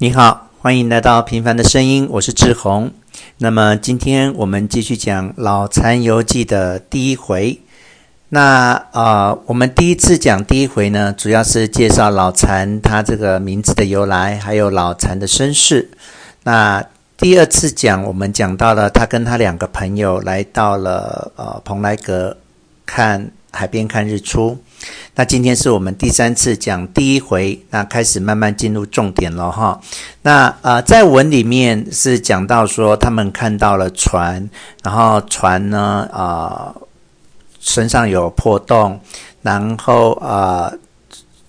你好，歡迎來到《平凡的聲音》，我是志宏。那麼今天我們繼續講《老殘遊記》的第一回。那呃，我們第一次講第一回呢，主要是介紹老殘他這個名字的由來，還有老殘的身世。那第二次講，我們講到了他跟他兩個朋友來到了呃蓬萊閣看海邊看日出。那今天是我們第三次講第一回，那開始慢慢進入重點了哈。那呃，在文裡面是講到說他們看到了船，然後船呢啊、呃、身上有破洞，然後啊、呃、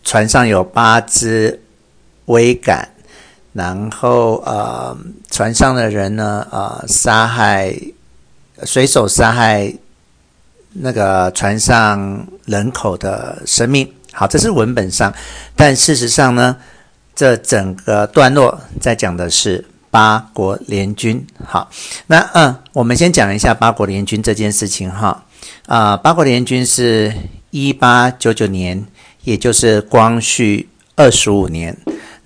船上有八隻桅桿，然後呃船上的人呢呃，殺害隨手殺害那個船上人口的生命，好，這是文本上，但事實上呢，這整個段落在講的是八國聯軍。好，那嗯，我們先講一下八國聯軍這件事情哈。啊、呃，八國聯軍是一八九九年，也就是光緒二十五年。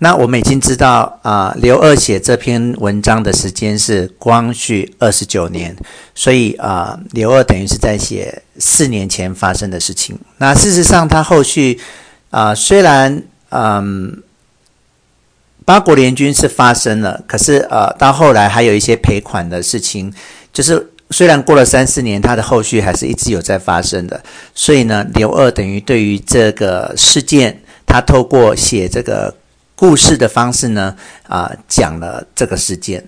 那我們已經知道啊、呃，劉鶚寫這篇文章的時間是光緒二十九年，所以啊、呃，劉鶚等於是在寫四年前發生的事情。那事實上，他後續啊、呃，雖然嗯，八國聯軍是發生了，可是呃，到後來還有一些賠款的事情，就是雖然過了三四年，他的後續還是一直有在發生的。所以呢，劉鶚等於對於這個事件，他透過寫這個。故事的方式呢，啊、呃，講了這個事件，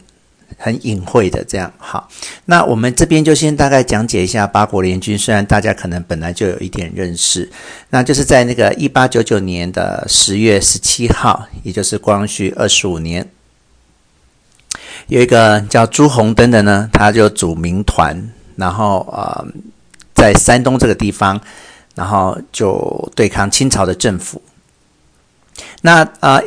很隱晦的這樣。好，那我們這邊就先大概講解一下八國聯軍。雖然大家可能本來就有一點認識，那就是在那個一八九九年的十月十七號，也就是光緒二十五年，有一個叫朱紅燈的呢，他就組民團，然後啊、呃，在山東這個地方，然後就對抗清朝的政府。那啊。呃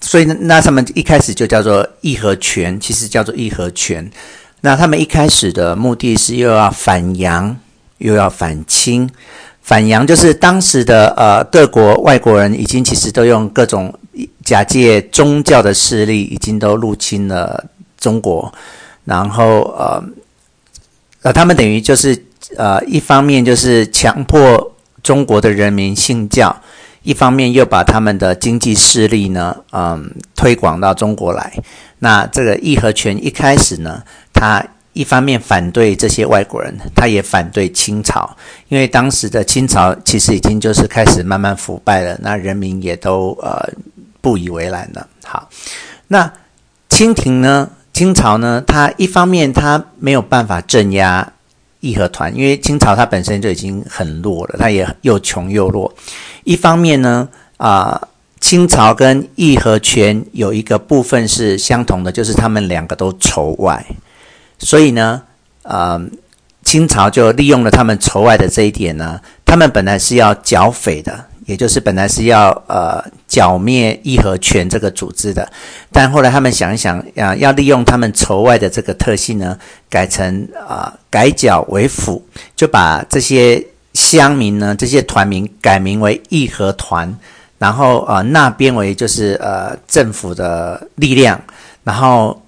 所以，那他們一開始就叫做義和拳，其實叫做義和拳。那他們一開始的目的是又要反洋，又要反清。反洋就是當時的呃各國外國人已經其實都用各種假借宗教的勢力，已經都入侵了中國。然後呃，呃他們等於就是呃一方面就是強迫中國的人民信教。一方面又把他們的經濟勢力呢，嗯，推廣到中國來。那這個義和拳一開始呢，他一方面反對這些外國人，他也反對清朝，因為當時的清朝其實已經就是開始慢慢腐敗了，那人民也都，呃，不以為然了。好，那清廷呢，清朝呢，他一方面他沒有辦法鎮壓，義和團，因為清朝它本身就已經很弱了，它也又窮又弱。一方面呢，啊、呃，清朝跟義和拳有一個部分是相同的，就是他們兩個都仇外。所以呢，啊、呃，清朝就利用了他們仇外的這一點呢，他們本來是要剿匪的。也就是本來是要呃剿滅義和拳這個組織的，但後來他們想一想，呃，要利用他們仇外的這個特性呢，改成啊、呃、改剿為撫，就把這些鄉民呢這些團民改名為義和團，然後呃那邊為就是呃政府的力量，然後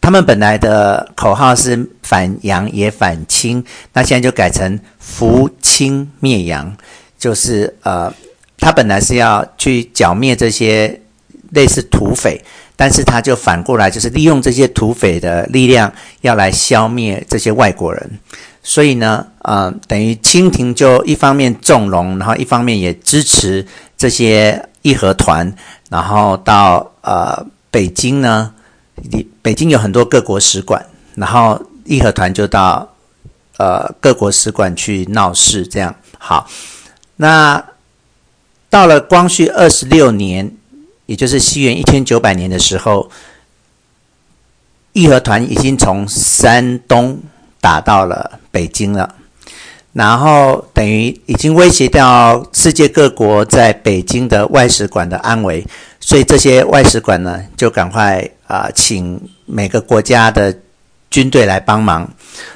他們本來的口號是反洋也反清，那現在就改成扶清滅洋，就是呃。他本來是要去剿滅這些類似土匪，但是他就反過來就是利用這些土匪的力量，要來消滅這些外國人。所以呢，呃，等於清廷就一方面縱容，然後一方面也支持這些義和團，然後到呃北京呢，北京有很多各國使館，然後義和團就到呃各國使館去鬧事，這樣好，那。到了光緒二十六年，也就是西元一千九百年的時候，義和團已經從山東打到了北京了，然後等於已經威脅到世界各國在北京的外使館的安危，所以這些外使館呢，就趕快啊、呃，請每個國家的軍隊來幫忙。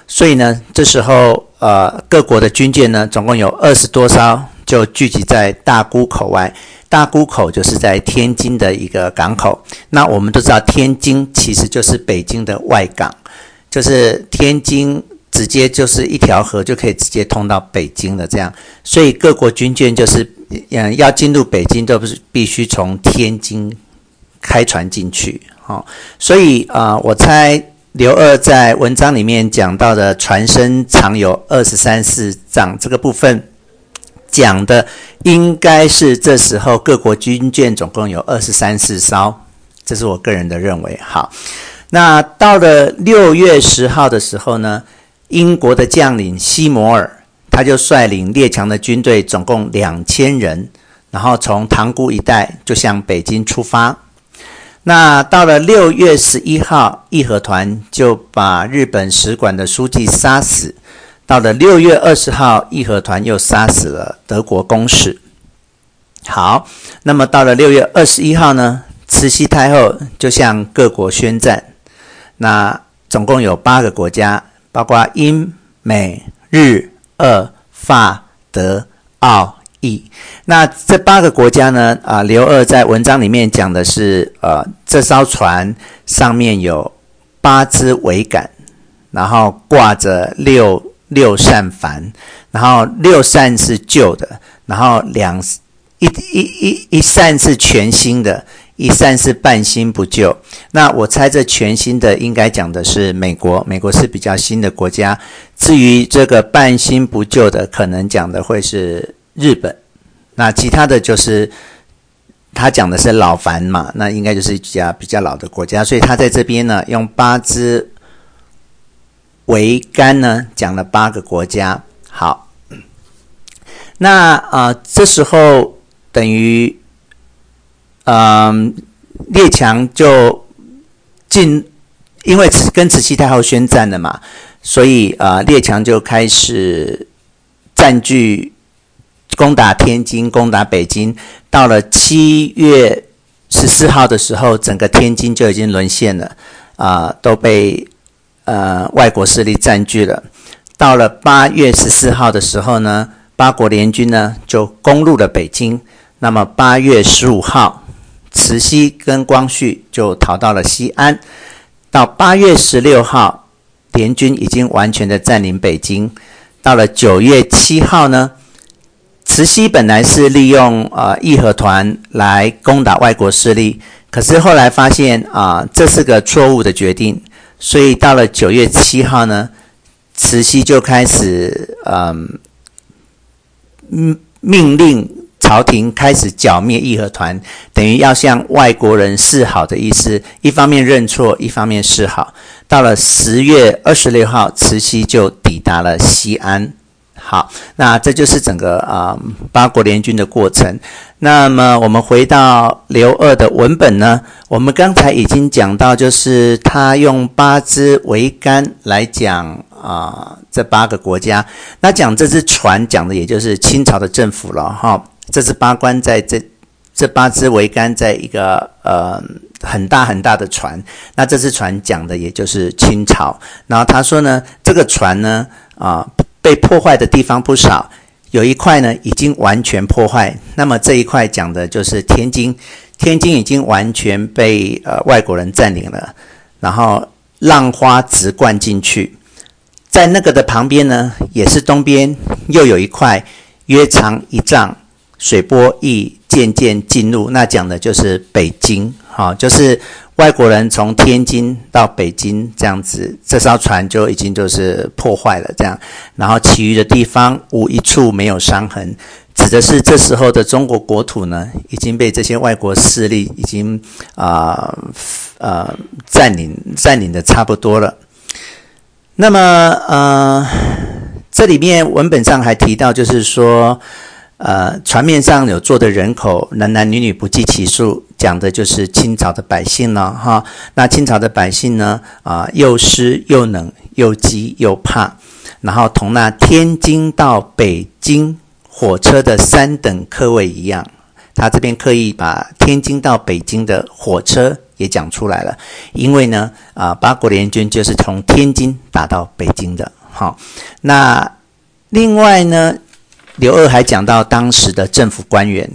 所以呢，這時候呃，各國的軍艦呢，總共有二十多艘。就聚集在大沽口外，大沽口就是在天津的一個港口。那我們都知道，天津其實就是北京的外港，就是天津直接就是一條河就可以直接通到北京的這樣。所以各國軍艦就是嗯要進入北京，都不是必須從天津開船進去。哦，所以啊、呃，我猜劉鶚在文章裡面講到的船身長有二十三四丈這個部分，講的應該是這時候各國軍艦總共有二十三四艘，這是我個人的認為。好，那到了六月十號的時候呢，英國的將領西摩爾他就率領列強的軍隊總共兩千人，然後從塘沽一帶就向北京出發。那到了六月十一號，義和團就把日本使館的書記殺死。到了六月二十號，義和團又殺死了德國公使。好，那麼到了六月二十一號呢，慈禧太後就向各國宣戰。那總共有八個國家，包括英、美、日、俄、法、德、奧、意。那這八個國家呢，啊、呃，劉鶚在文章裡面講的是，呃，這艘船上面有八隻桅杆，然後掛着六。六扇帆，然後六扇是舊的，然後兩一一一一扇是全新的，一扇是半新不舊。那我猜這全新的應該講的是美國，美國是比較新的國家。至於這個半新不舊的，可能講的會是日本。那其他的就是他講的是老帆嘛，那應該就是一家比較老的國家，所以他在這邊呢用八枝。桅杆呢？講了八個國家。好，那啊、呃，這時候等於，嗯、呃，列強就進，因為慈跟慈禧太后宣戰了嘛，所以啊、呃，列強就開始占據，攻打天津，攻打北京。到了七月十四號的時候，整個天津就已經淪陷了，啊、呃，都被。呃，外國勢力占據了。到了八月十四號的時候呢，八國聯軍呢就攻入了北京。那麼八月十五號，慈禧跟光緒就逃到了西安。到八月十六號，聯軍已經完全的佔領北京。到了九月七號呢，慈禧本來是利用呃義和團來攻打外國勢力，可是後來發現啊，呃，這是個錯誤的決定。所以到了九月七號呢，慈禧就開始嗯，命命令朝廷開始剿滅義和團，等於要向外國人示好的意思，一方面認錯，一方面示好。到了十月二十六號，慈禧就抵達了西安。好，那這就是整個啊、嗯、八國聯軍的過程。那麼我們回到劉鶚的文本呢？我們剛才已經講到，就是他用八支桅杆來講啊、嗯，這八個國家。那講這隻船講的也就是清朝的政府了哈。這隻八官在這這八支桅杆在一個呃、嗯、很大很大的船。那這隻船講的也就是清朝。然後他說呢，這個船呢啊。嗯被破壞的地方不少，有一塊呢，已經完全破壞。那麼這一塊講的就是天津，天津已經完全被呃外國人佔領了，然後浪花直灌進去。在那個的旁邊呢，也是東邊，又有一塊，約長一丈。水波亦漸漸進入，那講的就是北京，哈、哦，就是外國人從天津到北京這樣子，這艘船就已經就是破壞了這樣，然後其餘的地方無一處沒有傷痕，指的是這時候的中國國土呢已經被這些外國勢力已經啊啊、呃呃、佔領，佔領的差不多了。那麼呃，這裡面文本上還提到，就是說。呃，船面上有坐的人口，男男女女，不計其數，講的就是清朝的百姓了、哦、哈。那清朝的百姓呢，啊、呃，又濕又冷，又飢又怕，然後同那天津到北京火車的三等客位一樣，他這邊刻意把天津到北京的火車也講出來了，因為呢，啊、呃，八國聯軍就是從天津打到北京的。哈，那另外呢？劉二還講到當時的政府官員，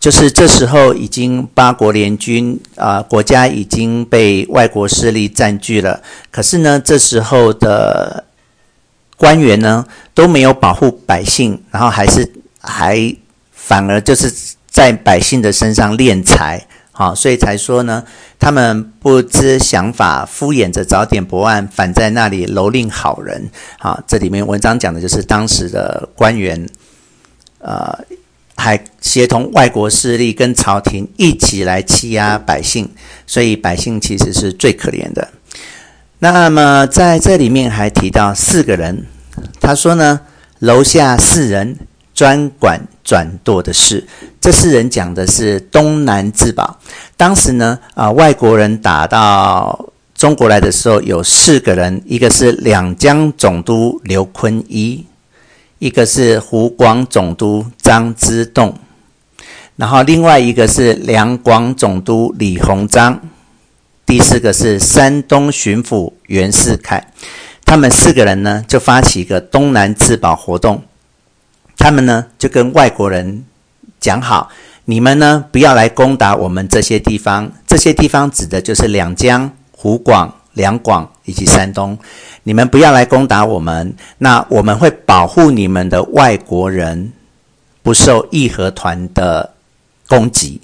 就是這時候已經八國聯軍啊、呃，國家已經被外國勢力佔據了。可是呢，這時候的官員呢都沒有保護百姓，然後還是還反而就是在百姓的身上斂財，好，所以才說呢，他們不知想法，敷衍着早點薄案，反在那裡蹂躪好人。好，這裡面文章講的就是當時的官員。呃，還協同外國勢力跟朝廷一起來欺壓百姓，所以百姓其實是最可憐的。那麼在這裡面還提到四個人，他說呢，樓下四人專管轉舵的事，這四人講的是東南自保。當時呢，啊、呃，外國人打到中國來的時候有四個人，一個是兩江總督劉坤一。一個是湖廣總督張之洞，然後另外一個是兩廣總督李鴻章，第四個是山東巡撫袁世凱，他們四個人呢就發起一個東南自保活動。他們呢就跟外國人講好，你們呢不要來攻打我們這些地方，這些地方指的就是兩江、湖廣。兩廣以及山東，你們不要來攻打我們，那我們會保護你們的外國人不受義和團的攻擊。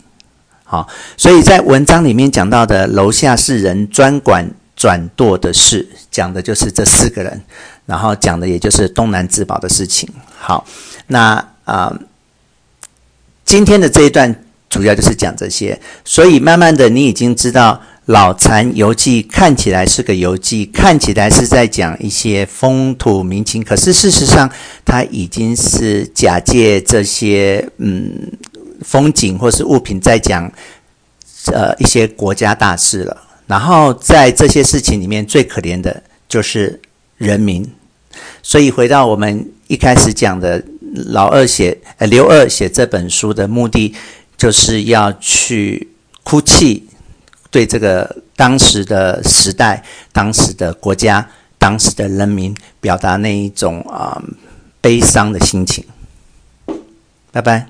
好，所以在文章裡面講到的樓下四人專管轉舵的事，講的就是這四個人，然後講的也就是東南自保的事情。好，那啊、嗯，今天的這一段主要就是講這些，所以慢慢的你已經知道。《老殘遊記》看起來是個遊記，看起來是在講一些風土民情，可是事實上，它已經是假借這些嗯風景或是物品，在講呃一些國家大事了。然後在這些事情裡面，最可憐的就是人民。所以回到我們一開始講的，老二寫呃劉二寫這本書的目的，就是要去哭泣。對這個當時的時代、當時的國家、當時的人民，表達那一種啊、呃、悲傷的心情。拜拜。